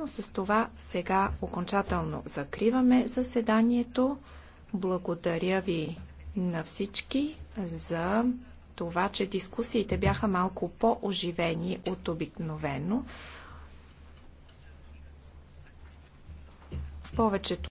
Но с това сега окончателно закриваме заседанието. Благодаря ви на всички за това, че дискусиите бяха малко по-оживени от обикновено. В повечето